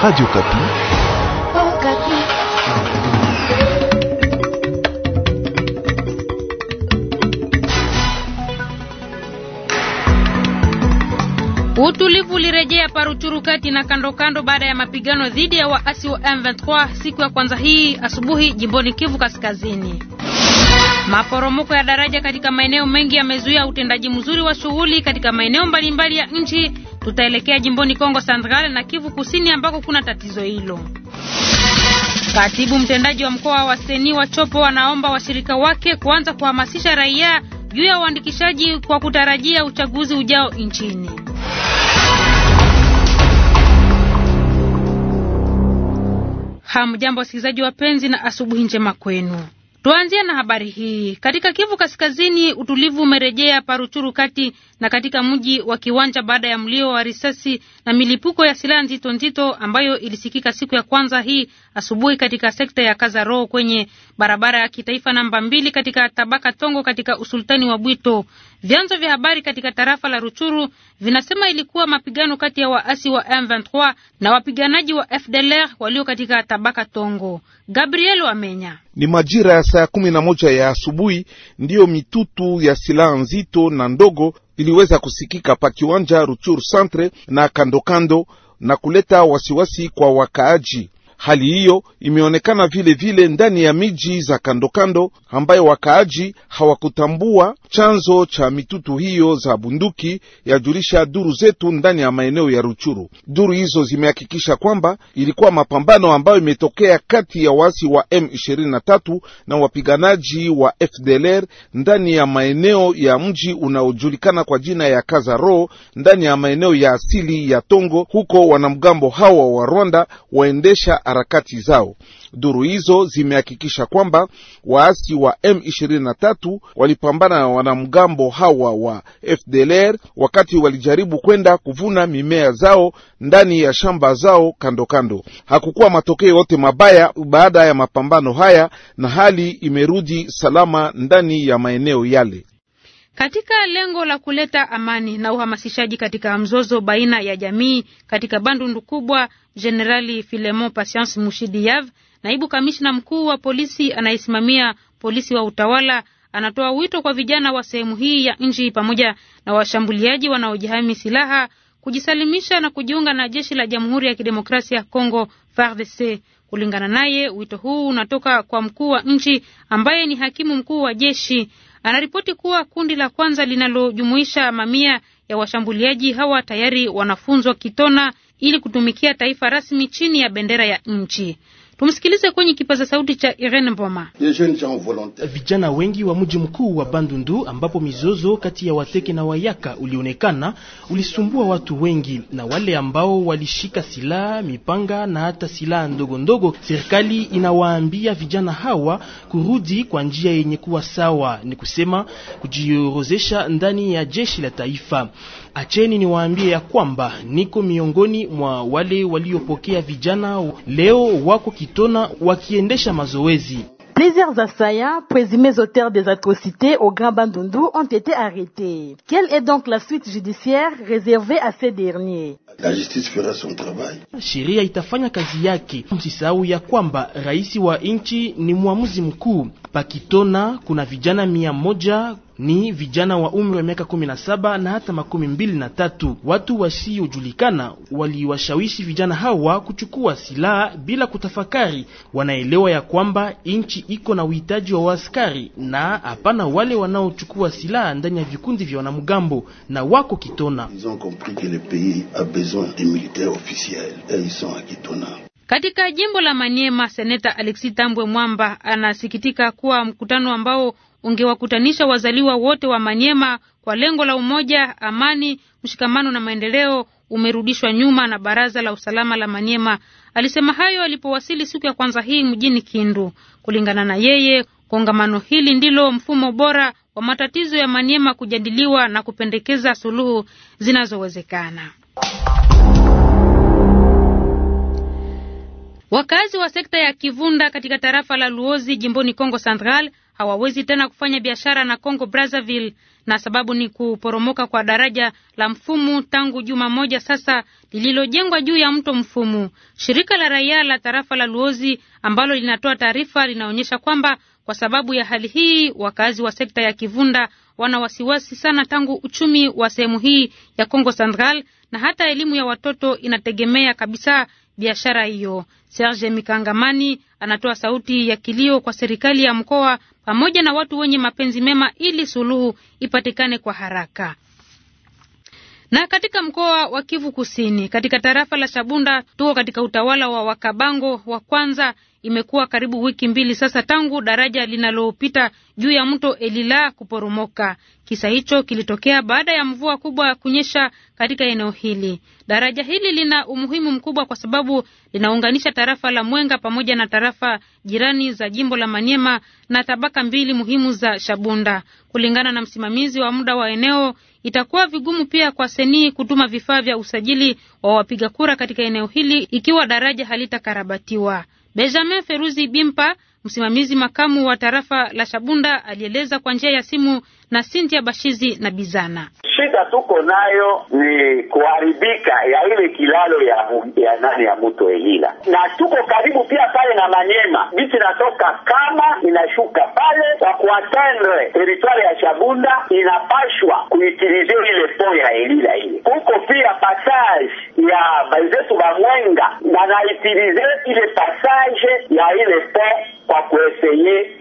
Radio Kapi. Oh, Kapi. Utulivu ulirejea Paruchuru kati na kando kando baada ya mapigano dhidi ya waasi wa M23 siku ya kwanza hii asubuhi jimboni Kivu Kaskazini. Maporomoko ya daraja katika maeneo mengi yamezuia utendaji mzuri wa shughuli katika maeneo mbalimbali ya nchi. Tutaelekea jimboni Kongo Central na Kivu Kusini ambako kuna tatizo hilo. Katibu mtendaji wa mkoa wa Seni wa Chopo anaomba washirika wake kuanza kuhamasisha raia juu ya uandikishaji kwa kutarajia uchaguzi ujao nchini. Hamjambo wasikilizaji wapenzi, na asubuhi njema kwenu. Tuanzie na habari hii. Katika Kivu Kaskazini, utulivu umerejea Paruchuru kati na katika mji wa Kiwanja baada ya mlio wa risasi na milipuko ya silaha nzito nzito ambayo ilisikika siku ya kwanza hii asubuhi katika sekta ya Kazaro kwenye barabara ya kitaifa namba mbili katika tabaka Tongo katika usultani wa Bwito. Vyanzo vya habari katika tarafa la Ruchuru vinasema ilikuwa mapigano kati ya waasi wa M23 na wapiganaji wa FDLR walio katika tabaka Tongo. Gabriel Wamenya. Ni majira ya saa kumi na moja ya asubuhi ndiyo mitutu ya silaha nzito na ndogo iliweza kusikika pa kiwanja Ruchuru Centre na kandokando na kuleta wasiwasi kwa wakaaji. Hali hiyo imeonekana vile vile ndani ya miji za kandokando ambayo wakaaji hawakutambua chanzo cha mitutu hiyo za bunduki, yajulisha duru zetu ndani ya maeneo ya Ruchuru. Duru hizo zimehakikisha kwamba ilikuwa mapambano ambayo imetokea kati ya waasi wa M23 na wapiganaji wa FDLR ndani ya maeneo ya mji unaojulikana kwa jina ya Kazaro ndani ya maeneo ya asili ya Tongo. Huko wanamgambo hawa wa Rwanda waendesha harakati zao. Duru hizo zimehakikisha kwamba waasi wa M23 walipambana na wanamgambo hawa wa FDLR wakati walijaribu kwenda kuvuna mimea zao ndani ya shamba zao kando kando. Hakukuwa matokeo yote mabaya baada ya mapambano haya, na hali imerudi salama ndani ya maeneo yale katika lengo la kuleta amani na uhamasishaji katika mzozo baina ya jamii katika Bandundu kubwa. Jenerali Filemon Patience Mushidiyav, naibu kamishna mkuu wa polisi anayesimamia polisi wa utawala, anatoa wito kwa vijana wa sehemu hii ya nchi pamoja na washambuliaji wanaojihami silaha kujisalimisha na kujiunga na jeshi la Jamhuri ya Kidemokrasia ya Kongo FARDC. Kulingana naye, wito huu unatoka kwa mkuu wa nchi ambaye ni hakimu mkuu wa jeshi anaripoti kuwa kundi la kwanza linalojumuisha mamia ya washambuliaji hawa tayari wanafunzwa Kitona ili kutumikia taifa rasmi chini ya bendera ya nchi. Tumsikilize kwenye kipaza sauti cha Irene Mboma. Vijana wengi wa mji mkuu wa Bandundu, ambapo mizozo kati ya Wateke na Wayaka ulionekana ulisumbua watu wengi, na wale ambao walishika silaha, mipanga na hata silaha ndogo ndogo. Serikali inawaambia vijana hawa kurudi kwa njia yenye kuwa sawa, ni kusema kujiorozesha ndani ya jeshi la taifa. Acheni niwaambie ya kwamba niko miongoni mwa wale waliopokea vijana leo wako Kitona wakiendesha mazoezi. Plusieurs assaillants, présumés auteurs des atrocités au Grand Bandundu, ont été arrêtés. Quelle est donc la suite judiciaire réservée à ces derniers? La justice fera son travail. Sheria itafanya kazi yake. Msisahau ya kwamba rais wa nchi ni mwamuzi mkuu. Pakitona kuna vijana mia moja ni vijana wa umri wa miaka kumi na saba na hata makumi mbili na tatu. Watu wasiojulikana waliwashawishi vijana hawa kuchukua silaha bila kutafakari. Wanaelewa ya kwamba nchi iko na uhitaji wa waaskari na hapana wale wanaochukua silaha ndani ya vikundi vya wanamgambo, na wako Kitona. Katika jimbo la Maniema, seneta Alexi Tambwe Mwamba anasikitika kuwa mkutano ambao ungewakutanisha wazaliwa wote wa Maniema kwa lengo la umoja, amani, mshikamano na maendeleo umerudishwa nyuma na baraza la usalama la Maniema. Alisema hayo alipowasili siku ya kwanza hii mjini Kindu. Kulingana na yeye, kongamano hili ndilo mfumo bora wa matatizo ya Maniema kujadiliwa na kupendekeza suluhu zinazowezekana. Wakazi wa sekta ya Kivunda katika tarafa la Luozi jimboni Kongo Central hawawezi tena kufanya biashara na Kongo Brazzaville, na sababu ni kuporomoka kwa daraja la Mfumu tangu juma moja sasa, lililojengwa juu ya mto Mfumu. Shirika la raia la tarafa la Luozi ambalo linatoa taarifa linaonyesha kwamba kwa sababu ya hali hii, wakazi wa sekta ya Kivunda wana wasiwasi sana tangu uchumi wa sehemu hii ya Kongo Central na hata elimu ya watoto inategemea kabisa biashara hiyo. Serge Mikangamani anatoa sauti ya kilio kwa serikali ya mkoa pamoja na watu wenye mapenzi mema ili suluhu ipatikane kwa haraka. Na katika mkoa wa Kivu Kusini, katika tarafa la Shabunda, tuko katika utawala wa Wakabango wa kwanza Imekuwa karibu wiki mbili sasa tangu daraja linalopita juu ya mto Elila kuporomoka. Kisa hicho kilitokea baada ya mvua kubwa kunyesha katika eneo hili. Daraja hili lina umuhimu mkubwa kwa sababu linaunganisha tarafa la Mwenga pamoja na tarafa jirani za jimbo la Maniema na tabaka mbili muhimu za Shabunda. Kulingana na msimamizi wa muda wa eneo, itakuwa vigumu pia kwa Seni kutuma vifaa vya usajili wa wapiga kura katika eneo hili ikiwa daraja halitakarabatiwa. Benjamin Feruzi Bimpa, msimamizi makamu wa tarafa la Shabunda, alieleza kwa njia ya simu na Sintia Bashizi na Bizana tuko nayo ni kuharibika ya ile kilalo ya ya nani ya mto Elila, na tuko karibu pia pale na Manyema, bichi natoka kama inashuka pale kwa kuatendre teritwari ya Shabunda, inapashwa kuitilizia ile po ya Elila ile. Kuko pia passage ya baizetu bamwenga banaitilize ile passage ya ile po kwa kueseye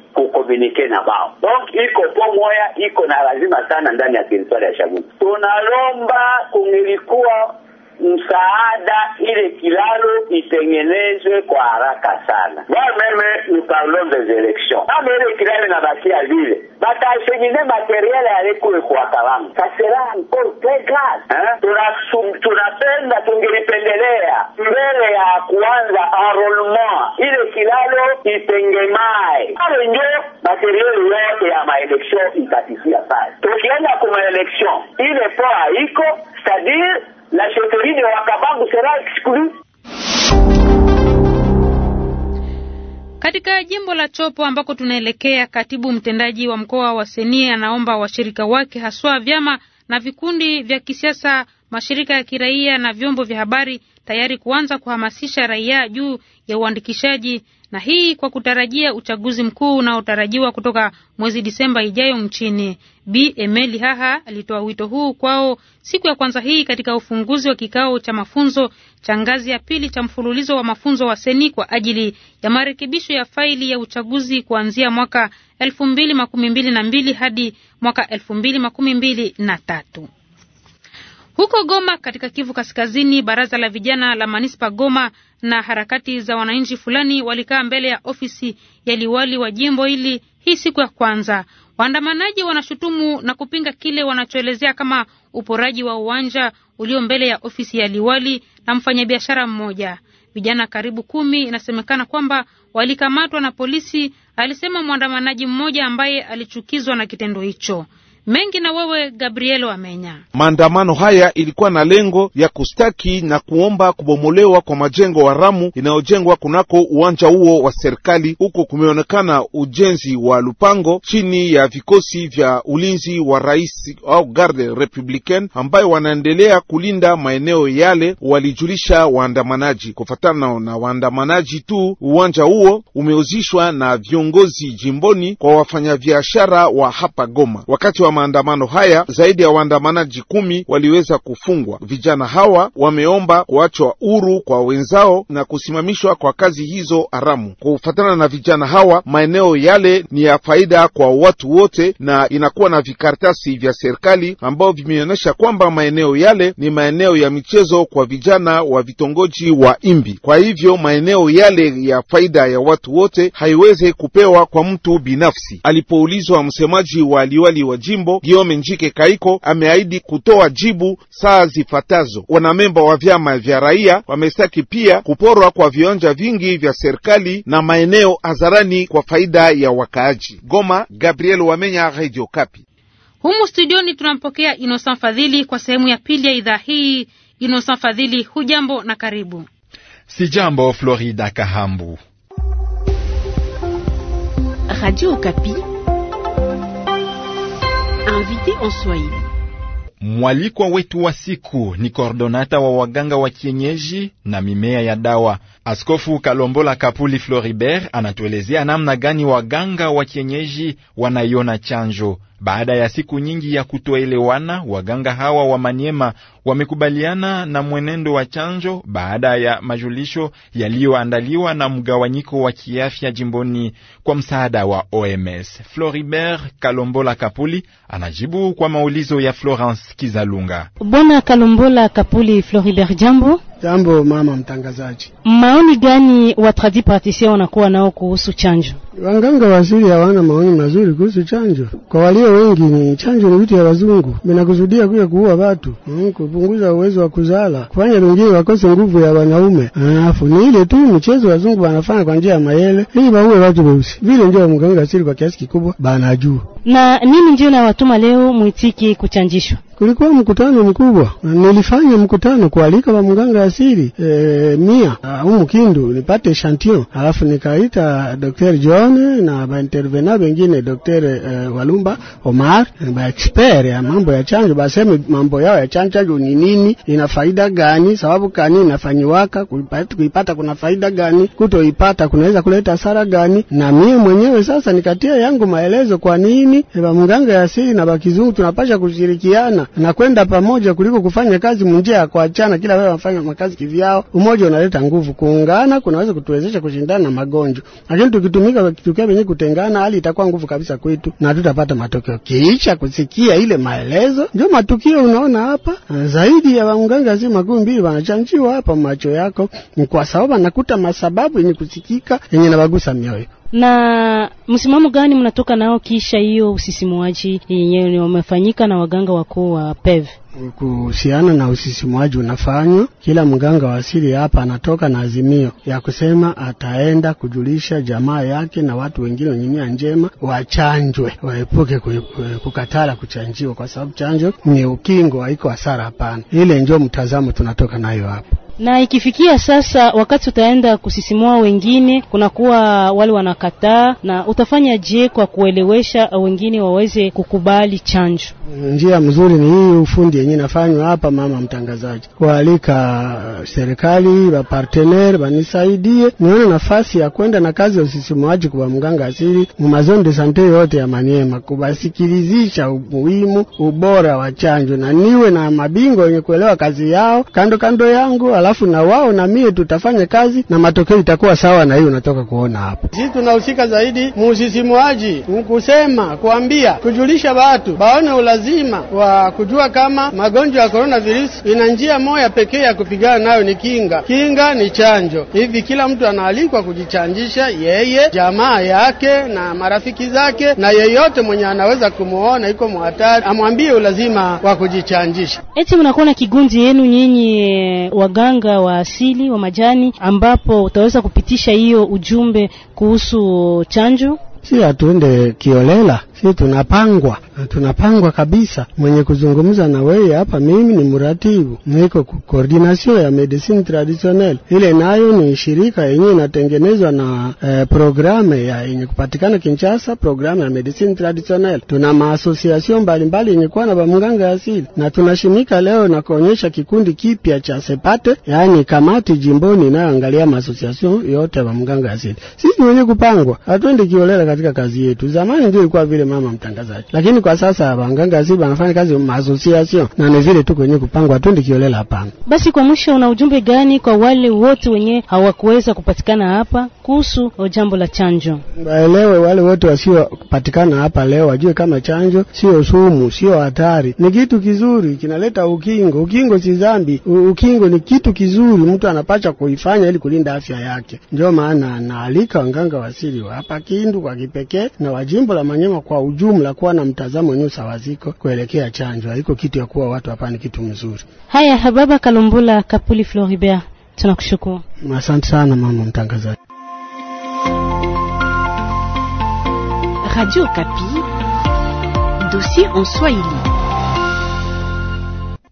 wakomunike na bao. Donc iko po moya iko na lazima sana ndani ya teritwari ya Chagubi. Tunalomba kungelikuwa msaada ile kilalo itengenezwe kwa haraka sana. Moi-meme nous parlons des élections, kama ile kilalo inabakia vile batasemine materiel kwa kalamu kasera encore tres grave tunapenda tungelipendelea mbele ya kuanza enrolement ile kilalo itengemae ale njo materiel yote ya maelection itatisia pale tukienda kumaelection ile poa iko katika jimbo la Chopo ambako tunaelekea, katibu mtendaji wa mkoa wa Senie anaomba washirika wake haswa vyama na vikundi vya kisiasa, mashirika ya kiraia na vyombo vya habari tayari kuanza kuhamasisha raia juu ya uandikishaji na hii kwa kutarajia uchaguzi mkuu unaotarajiwa kutoka mwezi Disemba ijayo nchini. B Emeli Haha alitoa wito huu kwao siku ya kwanza hii katika ufunguzi wa kikao cha mafunzo cha ngazi ya pili cha mfululizo wa mafunzo wa Seni kwa ajili ya marekebisho ya faili ya uchaguzi kuanzia mwaka elfu mbili makumi mbili na mbili hadi mwaka elfu mbili makumi mbili na tatu. Huko Goma katika Kivu Kaskazini, baraza la vijana la manispa Goma na harakati za wananchi fulani walikaa mbele ya ofisi ya liwali wa jimbo hili hii siku ya kwanza. Waandamanaji wanashutumu na kupinga kile wanachoelezea kama uporaji wa uwanja ulio mbele ya ofisi ya liwali na mfanyabiashara mmoja. Vijana karibu kumi inasemekana kwamba walikamatwa na polisi, alisema mwandamanaji mmoja ambaye alichukizwa na kitendo hicho mengi na wewe Gabriel wamenya Maandamano haya ilikuwa na lengo ya kustaki na kuomba kubomolewa kwa majengo haramu inayojengwa kunako uwanja huo wa serikali. Huko kumeonekana ujenzi wa lupango chini ya vikosi vya ulinzi wa rais au garde republicain, ambayo wanaendelea kulinda maeneo yale, walijulisha waandamanaji. Kufatana na waandamanaji tu, uwanja huo umeuzishwa na viongozi jimboni kwa wafanyabiashara wa hapa Goma wakati wa wa maandamano haya, zaidi ya waandamanaji kumi waliweza kufungwa. Vijana hawa wameomba kuachwa huru kwa wenzao na kusimamishwa kwa kazi hizo haramu. Kufuatana na vijana hawa, maeneo yale ni ya faida kwa watu wote, na inakuwa na vikaratasi vya serikali ambao vimeonyesha kwamba maeneo yale ni maeneo ya michezo kwa vijana wa vitongoji wa Imbi. Kwa hivyo maeneo yale ya faida ya watu wote haiwezi kupewa kwa mtu binafsi. Alipoulizwa msemaji wa liwali wa jimbo jimbo Giome Njike Kaiko ameahidi kutoa jibu saa zifatazo. Wanamemba wa vyama vya raia wamestaki pia kuporwa kwa viwanja vingi vya serikali na maeneo hadharani kwa faida ya wakaaji. Goma, Gabriel Wamenya, Radio Kapi. Humu studioni tunampokea Inosan Fadhili kwa sehemu ya pili ya idhaa hii. Inosan Fadhili, hujambo na karibu. jambo Florida Kahambu. Radio Kapi. Invité en Swahili. Mwalikwa wetu wa siku ni kordonata wa waganga wa kienyeji na mimea ya dawa. Askofu Kalombola Kapuli Floribert anatuelezea namna gani waganga wa kienyeji wanaiona chanjo. Baada ya siku nyingi ya kutoelewana, waganga hawa wa Manyema wamekubaliana na mwenendo wa chanjo baada ya majulisho yaliyoandaliwa na mgawanyiko wa kiafya jimboni kwa msaada wa OMS. Floribert Kalombola Kapuli anajibu kwa maulizo ya Florence Kizalunga. Bwana Kalombola Kapuli, Floribert, jambo. Jambo mama mtangazaji. Maoni gani wa tradipartisie wanakuwa nao kuhusu chanjo? Wanganga wazuri hawana maoni mazuri kuhusu chanjo kwa walio walio wengi ni chanjo ni vitu ya wazungu, minakusudia kuya kuua watu mm, kupunguza uwezo wa kuzala, kufanya wengine wakose nguvu ya wanaume. Alafu ni ile tu michezo wazungu wanafanya kwa njia ya mayele ili waue watu weusi, vile ndio mganga asili kwa kiasi kikubwa banajua. Na nini ndio nawatuma leo mwitiki kuchanjishwa Kulikuwa mkutano mkubwa, nilifanya mkutano kualika wa mganga asili e, mia ah, umu Kindu nipate shantion, alafu nikaita Dr. John na baintervena bengine Dr. e, eh, Walumba Omar eh, ba expert ya mambo ya chanjo, baseme mambo yao ya chanjo ni nini, ina faida gani, sababu kani inafanyiwaka, kuipata, kuipata kuna faida gani, kutoipata kunaweza kuleta hasara gani, na mie mwenyewe sasa nikatia yangu maelezo kwa nini e, ba mganga asili na bakizungu tunapasha kushirikiana na kwenda pamoja kuliko kufanya kazi munjia ya kuachana, kila wao wanafanya makazi kivyao. Umoja unaleta nguvu, kuungana kunaweza kutuwezesha kushindana na magonjwa, lakini tukitumika tukiwa wenyewe kutengana, hali itakuwa nguvu kabisa kwetu na tutapata matokeo. Kiisha kusikia ile maelezo, ndio matukio unaona hapa, zaidi ya waganga zima makumi mbili wanachanjiwa hapa macho yako, ni kwa sababu anakuta masababu yenye kusikika yenye nabagusa mioyo na msimamo gani mnatoka nao kisha hiyo usisimuaji yenyewe umefanyika na waganga wakuu wa PEV? Kuhusiana na usisimuaji unafanywa, kila mganga wa asili hapa anatoka na azimio ya kusema ataenda kujulisha jamaa yake na watu wengine wenye nia njema wachanjwe, waepuke kukatala kuchanjiwa, kwa sababu chanjo ni ukingo, haiko hasara. Hapana, ile njo mtazamo tunatoka nayo hapa na ikifikia sasa wakati utaenda kusisimua wengine, kunakuwa wale wanakataa, na utafanya je kwa kuelewesha wengine waweze kukubali chanjo? Njia mzuri ni hii ufundi yenye nafanywa hapa, mama mtangazaji, kualika serikali bapartenere banisaidie nione nafasi ya kwenda na kazi ya usisimuaji kwa mganga asili mumazone de sante yote ya Maniema, kubasikilizisha umuhimu ubora wa chanjo, na niwe na mabingwa wenye kuelewa kazi yao kando kando yangu ala alafu na wao na mie tutafanya kazi na matokeo itakuwa sawa na hiyo unatoka kuona hapa. Sisi tunahusika zaidi muusisimuaji mkusema kuambia, kujulisha watu baone ulazima wa kujua kama magonjwa ya korona virusi ina njia moja pekee ya kupigana nayo ni kinga. Kinga ni chanjo. Hivi kila mtu anaalikwa kujichanjisha, yeye, jamaa yake na marafiki zake, na yeyote mwenye anaweza kumuona iko mhatari amwambie ulazima wa kujichanjisha. Eti mnakuwa na kigundi yenu nyinyi eh, waganga mganga wa asili wa majani, ambapo utaweza kupitisha hiyo ujumbe kuhusu chanjo? Si atuende kiolela sisi tunapangwa, tunapangwa kabisa. Mwenye kuzungumza na wewe hapa, mimi ni mratibu, niko koordination ya medicine traditionnel. Ile nayo ni shirika yenyewe inatengenezwa na eh, programu ya yenye kupatikana Kinshasa, programe ya medicine traditionnel. Tuna maasosiasio mbalimbali yenye kuwa na bamganga asili, na tunashimika leo na kuonyesha kikundi kipya cha Sepate, yaani kamati jimboni inayoangalia maasosiasio yote ya bamganga asili. Sisi wenye kupangwa, hatuendi kiolela katika kazi yetu. Zamani ndio ilikuwa vile mama mtangazaji, lakini kwa sasa wanganga si wanafanya kazi maasosiasio na ni vile tu kwenye kupangwa tu ndikiolela hapana. Basi kwa mwisho, una ujumbe gani kwa wale wote wenye hawakuweza kupatikana hapa kuhusu jambo la chanjo? Waelewe wale wote wasiopatikana hapa leo wajue kama chanjo sio sumu, sio hatari, ni kitu kizuri, kinaleta ukingo. Ukingo si dhambi, ukingo ni kitu kizuri, mtu anapacha kuifanya ili kulinda afya yake. Ndio maana naalika wanganga wasili hapa Kindu kwa kipekee na wajimbo la Manyema kwa kwa ujumla kuwa na mtazamo wenyewe sawaziko kuelekea chanjo. Haiko kitu ya kuwa watu hapa ni kitu mzuri. Haya, Hababa Kalumbula Kapuli Floribert, tunakushukuru. Asante sana mama mtangazaji. Radio Kapi, dossier en Swahili.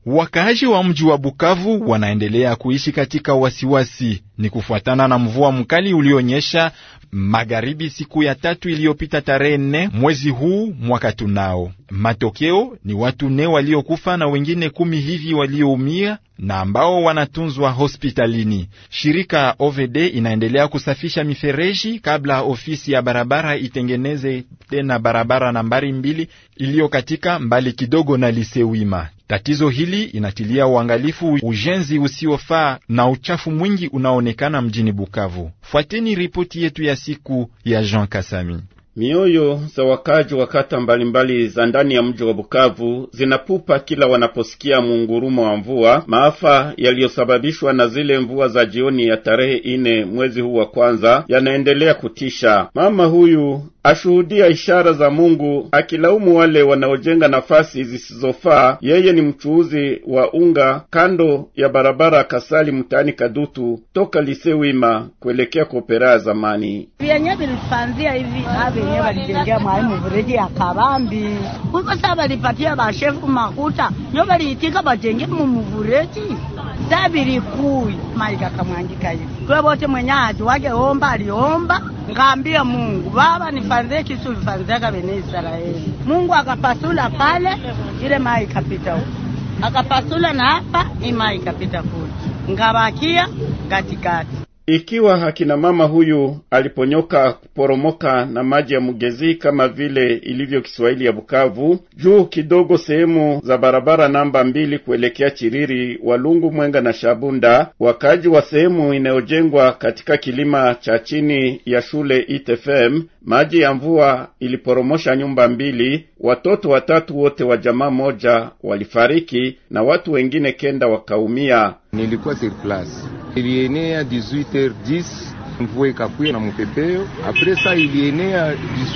Wakaaji wa mji wa Bukavu wanaendelea kuishi katika wasiwasi. Ni kufuatana na mvua mkali ulionyesha magharibi siku ya tatu iliyopita tarehe nne mwezi huu mwaka tunao. Matokeo ni watu ne waliokufa na wengine kumi hivi walioumia na ambao wanatunzwa hospitalini. Shirika OVD inaendelea kusafisha mifereji kabla ofisi ya barabara itengeneze tena barabara nambari mbili iliyo katika mbali kidogo na Lisewima. Tatizo hili inatilia uangalifu ujenzi usiofaa na uchafu mwingi unaoonekana mjini Bukavu. Fuateni ripoti yetu ya siku ya Jean Kasami. Mioyo za wakaji wa kata mbalimbali za ndani ya mji wa Bukavu zinapupa kila wanaposikia muungurumo wa mvua. Maafa yaliyosababishwa na zile mvua za jioni ya tarehe ine mwezi huu wa kwanza yanaendelea kutisha. Mama huyu ashuhudia ishara za Mungu akilaumu wale wanaojenga nafasi zisizofaa. Yeye ni mchuuzi wa unga kando ya barabara Kasali mtaani Kadutu, toka Lisewima kuelekea Kopera ya zamani hivi wenyewe walijengea mwalimu mfereji ya kabambi kuko saa walipatia bashefu makuta nyo waliitika bajenge mumufereji sabilikui maika kamwangika hivi kule wote mwenye aji wake omba aliomba ngaambia Mungu Baba nifanzie kisu lifanzaka bene Israeli. Mungu akapasula pale, ile mai ikapita huko, akapasula na hapa, ni imai ikapita kule, ngabakia katikati. Ikiwa hakina mama huyu aliponyoka kuporomoka na maji ya mugezi kama vile ilivyo Kiswahili ya Bukavu, juu kidogo sehemu za barabara namba mbili kuelekea Chiriri, Walungu, Mwenga na Shabunda, wakaji wa sehemu inayojengwa katika kilima cha chini ya shule ITFM Maji ya mvua iliporomosha nyumba mbili, watoto watatu wote wa jamaa moja walifariki na watu wengine kenda wakaumia. Nilikuwa sur place, ilienea 18h10 mvua ikakuya na mupepeo, apres sa ilienea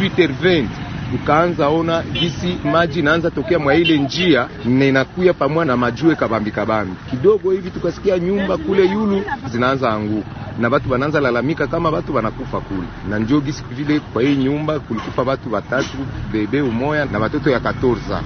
18h20 tukaanza ona jisi maji inaanza tokea mwa ile njia na inakuya pamoja na majue kabambi kabambi kidogo hivi, tukasikia nyumba kule yulu zinaanza anguka na batu bananza lalamika kama batu banakufa kule na njo gisi vile. Kwa hii nyumba kulikufa batu watatu, bebe umoya na watoto ya katorza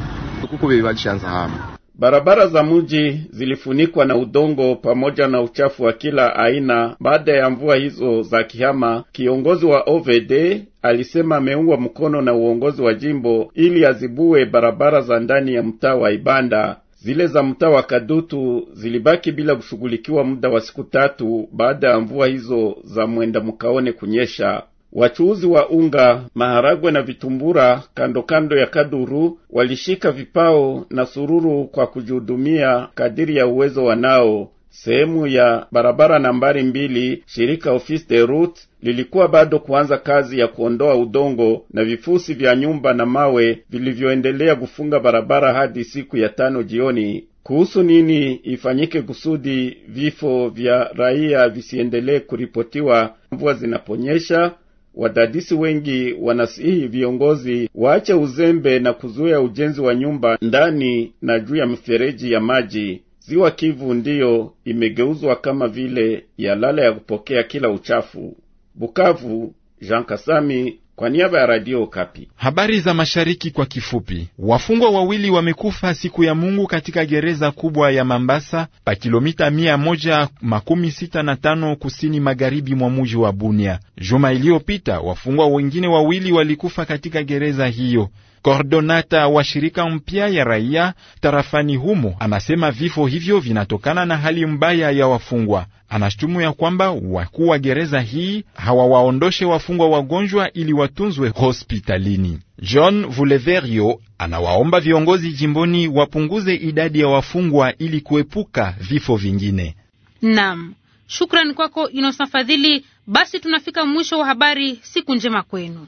kuko bebe walishanza hama. Barabara za mji zilifunikwa na udongo pamoja na uchafu wa kila aina baada ya mvua hizo za kihama. Kiongozi wa OVD alisema ameungwa mkono na uongozi wa jimbo ili azibue barabara za ndani ya mtaa wa Ibanda zile za mtaa wa Kadutu zilibaki bila kushughulikiwa muda wa siku tatu baada ya mvua hizo za mwenda mkaone kunyesha. Wachuuzi wa unga, maharagwe na vitumbura kando kando ya Kaduru walishika vipao na sururu kwa kujihudumia kadiri ya uwezo wanao. Sehemu ya barabara nambari mbili, shirika Office de Route lilikuwa bado kuanza kazi ya kuondoa udongo na vifusi vya nyumba na mawe vilivyoendelea kufunga barabara hadi siku ya tano jioni. Kuhusu nini ifanyike kusudi vifo vya raia visiendelee kuripotiwa mvua zinaponyesha? Wadadisi wengi wanasihi viongozi waache uzembe na kuzuia ujenzi wa nyumba ndani na juu ya mifereji ya maji. Ziwa Kivu ndiyo imegeuzwa kama vile yalala ya kupokea kila uchafu. Bukavu, Jean Kasami kwa niaba ya Radio Kapi. Habari za mashariki kwa kifupi. Wafungwa wawili wamekufa siku ya Mungu katika gereza kubwa ya Mambasa pa kilomita mia moja makumi sita na tano kusini magharibi mwa muji wa Bunia. Juma iliyopita wafungwa wengine wawili walikufa katika gereza hiyo. Kordonata wa shirika mpya ya raia tarafani humo anasema vifo hivyo vinatokana na hali mbaya ya wafungwa. Anashtumu ya kwamba wakuu wa gereza hii hawawaondoshe wafungwa wagonjwa ili watunzwe hospitalini. John Vuleverio anawaomba viongozi jimboni wapunguze idadi ya wafungwa ili kuepuka vifo vingine. Naam, shukrani kwako Inosafadhili. Basi tunafika mwisho wa habari. Siku njema kwenu.